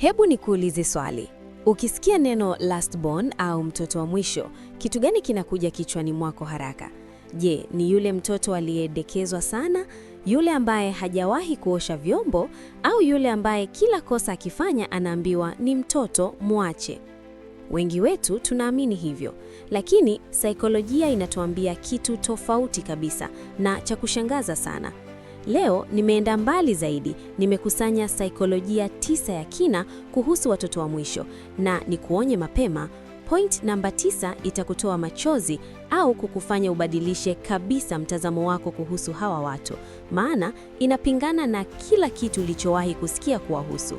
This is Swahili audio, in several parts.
Hebu nikuulize swali. Ukisikia neno last born au mtoto wa mwisho, kitu gani kinakuja kichwani mwako haraka? Je, ni yule mtoto aliyedekezwa sana, yule ambaye hajawahi kuosha vyombo, au yule ambaye kila kosa akifanya anaambiwa ni mtoto, mwache? Wengi wetu tunaamini hivyo, lakini saikolojia inatuambia kitu tofauti kabisa na cha kushangaza sana. Leo nimeenda mbali zaidi, nimekusanya saikolojia tisa ya kina kuhusu watoto wa mwisho, na nikuonye mapema, point namba tisa itakutoa machozi au kukufanya ubadilishe kabisa mtazamo wako kuhusu hawa watu, maana inapingana na kila kitu ulichowahi kusikia kuwahusu.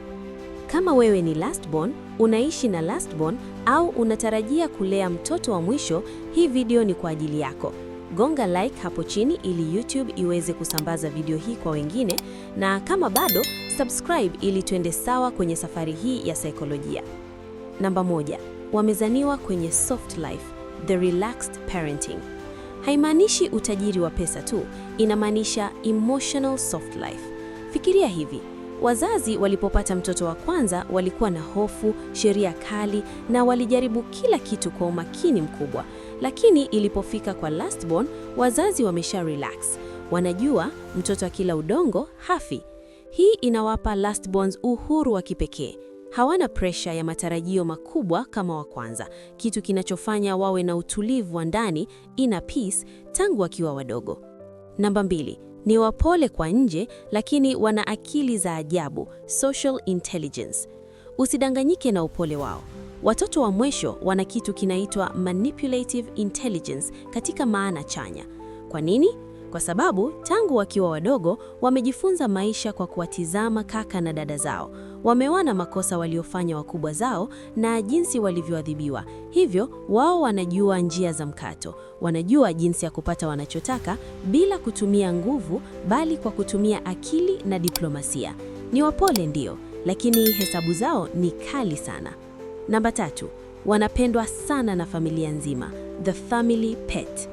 Kama wewe ni born, unaishi na born au unatarajia kulea mtoto wa mwisho, hii video ni kwa ajili yako gonga like hapo chini ili YouTube iweze kusambaza video hii kwa wengine, na kama bado subscribe ili tuende sawa kwenye safari hii ya saikolojia. Namba moja, wamezaniwa kwenye soft life, the relaxed parenting. Haimaanishi utajiri wa pesa tu, inamaanisha emotional soft life. Fikiria hivi Wazazi walipopata mtoto wa kwanza walikuwa na hofu, sheria kali na walijaribu kila kitu kwa umakini mkubwa. Lakini ilipofika kwa last born, wazazi wamesha relax. Wanajua mtoto akila udongo hafi. Hii inawapa last borns uhuru wa kipekee. Hawana presha ya matarajio makubwa kama wa kwanza, kitu kinachofanya wawe na utulivu wa ndani, inner peace, tangu wakiwa wadogo. Namba mbili, ni wapole kwa nje, lakini wana akili za ajabu, social intelligence. Usidanganyike na upole wao. Watoto wa Mwisho wana kitu kinaitwa manipulative intelligence katika maana chanya. Kwa nini? kwa sababu tangu wakiwa wadogo wamejifunza maisha kwa kuwatizama kaka na dada zao. Wameona makosa waliofanya wakubwa zao na jinsi walivyoadhibiwa, hivyo wao wanajua njia za mkato, wanajua jinsi ya kupata wanachotaka bila kutumia nguvu, bali kwa kutumia akili na diplomasia. Ni wapole ndio, lakini hesabu zao ni kali sana. Namba tatu, wanapendwa sana na familia nzima, the family pet.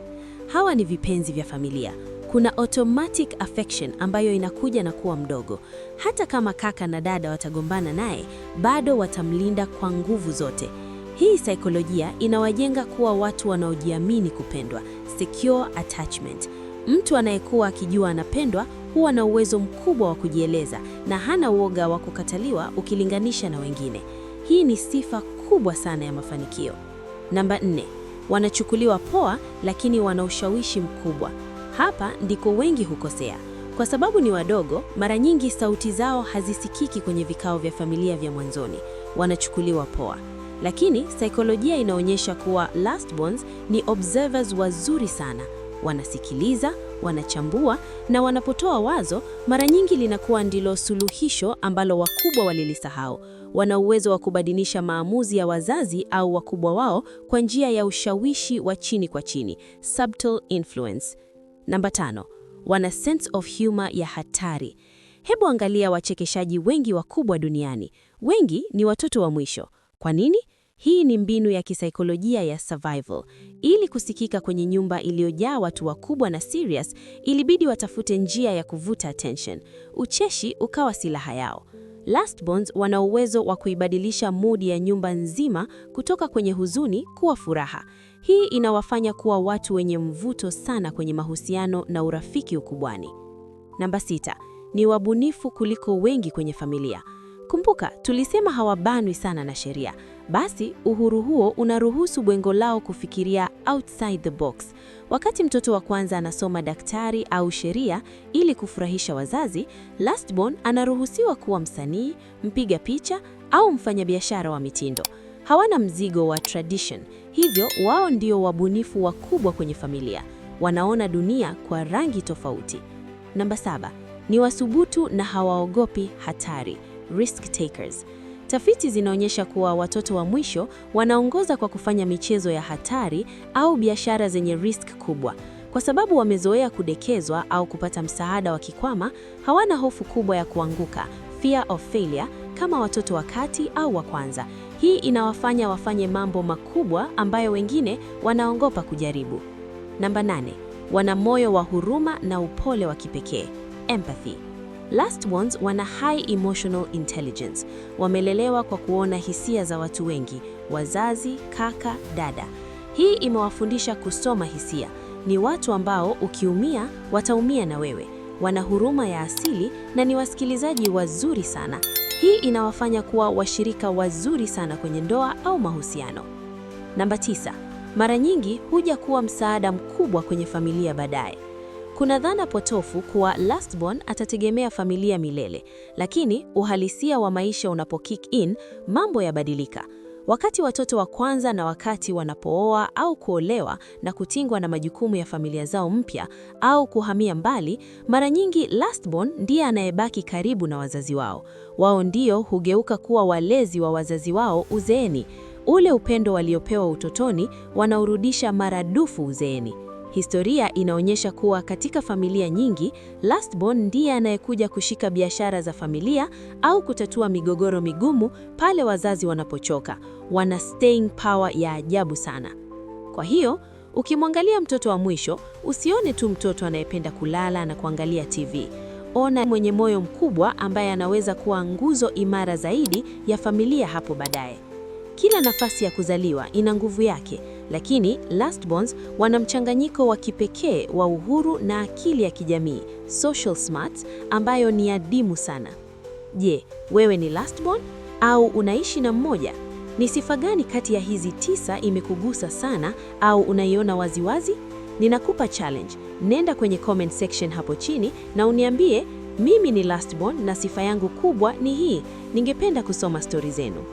Hawa ni vipenzi vya familia. Kuna automatic affection ambayo inakuja na kuwa mdogo. Hata kama kaka na dada watagombana naye, bado watamlinda kwa nguvu zote. Hii saikolojia inawajenga kuwa watu wanaojiamini kupendwa, secure attachment. Mtu anayekuwa akijua anapendwa huwa na uwezo mkubwa wa kujieleza na hana uoga wa kukataliwa ukilinganisha na wengine. Hii ni sifa kubwa sana ya mafanikio. Namba nne. Wanachukuliwa poa, lakini wana ushawishi mkubwa. Hapa ndiko wengi hukosea. Kwa sababu ni wadogo, mara nyingi sauti zao hazisikiki kwenye vikao vya familia vya mwanzoni. Wanachukuliwa poa, lakini saikolojia inaonyesha kuwa last ni observers wazuri sana. Wanasikiliza wanachambua na wanapotoa wazo, mara nyingi linakuwa ndilo suluhisho ambalo wakubwa walilisahau. Wana uwezo wa kubadilisha maamuzi ya wazazi au wakubwa wao kwa njia ya ushawishi wa chini kwa chini, subtle influence. Namba tano, wana sense of humor ya hatari. Hebu angalia wachekeshaji wengi wakubwa duniani, wengi ni watoto wa mwisho. Kwa nini? Hii ni mbinu ya kisaikolojia ya survival. Ili kusikika kwenye nyumba iliyojaa watu wakubwa na serious, ilibidi watafute njia ya kuvuta attention. Ucheshi ukawa silaha yao. Lastborns wana uwezo wa kuibadilisha mood ya nyumba nzima kutoka kwenye huzuni kuwa furaha. Hii inawafanya kuwa watu wenye mvuto sana kwenye mahusiano na urafiki ukubwani. Namba sita, ni wabunifu kuliko wengi kwenye familia. Kumbuka, tulisema hawabanwi sana na sheria basi uhuru huo unaruhusu bwengo lao kufikiria outside the box. Wakati mtoto wa kwanza anasoma daktari au sheria ili kufurahisha wazazi, lastborn anaruhusiwa kuwa msanii, mpiga picha au mfanyabiashara wa mitindo. Hawana mzigo wa tradition, hivyo wao ndio wabunifu wakubwa kwenye familia. Wanaona dunia kwa rangi tofauti. Namba saba, ni wasubutu na hawaogopi hatari, risk takers. Tafiti zinaonyesha kuwa watoto wa mwisho wanaongoza kwa kufanya michezo ya hatari au biashara zenye risk kubwa. Kwa sababu wamezoea kudekezwa au kupata msaada wa kikwama hawana hofu kubwa ya kuanguka, fear of failure, kama watoto wa kati au wa kwanza. Hii inawafanya wafanye mambo makubwa ambayo wengine wanaogopa kujaribu. Namba nane, wana moyo wa huruma na upole wa kipekee, empathy. Last ones wana high emotional intelligence, wamelelewa kwa kuona hisia za watu wengi, wazazi, kaka, dada. Hii imewafundisha kusoma hisia. Ni watu ambao ukiumia wataumia na wewe, wana huruma ya asili na ni wasikilizaji wazuri sana. Hii inawafanya kuwa washirika wazuri sana kwenye ndoa au mahusiano. Namba tisa, mara nyingi huja kuwa msaada mkubwa kwenye familia baadaye. Kuna dhana potofu kuwa lastborn atategemea familia milele, lakini uhalisia wa maisha unapo kick in, mambo yabadilika. Wakati watoto wa kwanza na wakati wanapooa au kuolewa na kutingwa na majukumu ya familia zao mpya au kuhamia mbali, mara nyingi lastborn ndiye anayebaki karibu na wazazi wao. Wao ndio hugeuka kuwa walezi wa wazazi wao uzeeni. Ule upendo waliopewa utotoni wanaurudisha maradufu uzeeni. Historia inaonyesha kuwa katika familia nyingi, last born ndiye anayekuja kushika biashara za familia au kutatua migogoro migumu pale wazazi wanapochoka. Wana staying power ya ajabu sana. Kwa hiyo, ukimwangalia mtoto wa mwisho, usione tu mtoto anayependa kulala na kuangalia TV. Ona mwenye moyo mkubwa ambaye anaweza kuwa nguzo imara zaidi ya familia hapo baadaye. Kila nafasi ya kuzaliwa ina nguvu yake lakini Lastborns wana mchanganyiko wa kipekee wa uhuru na akili ya kijamii social smarts, ambayo ni adimu sana. Je, wewe ni Lastborn au unaishi na mmoja? Ni sifa gani kati ya hizi tisa imekugusa sana au unaiona waziwazi? Ninakupa challenge. Nenda kwenye comment section hapo chini na uniambie mimi ni Lastborn na sifa yangu kubwa ni hii. Ningependa kusoma stori zenu.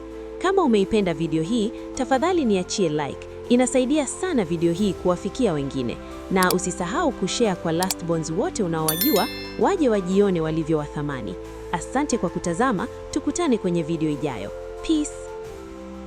Kama umeipenda video hii, tafadhali niachie like Inasaidia sana video hii kuwafikia wengine, na usisahau kushare kwa Lastborns wote unaowajua waje wajione walivyo wa thamani. Asante kwa kutazama, tukutane kwenye video ijayo. Peace.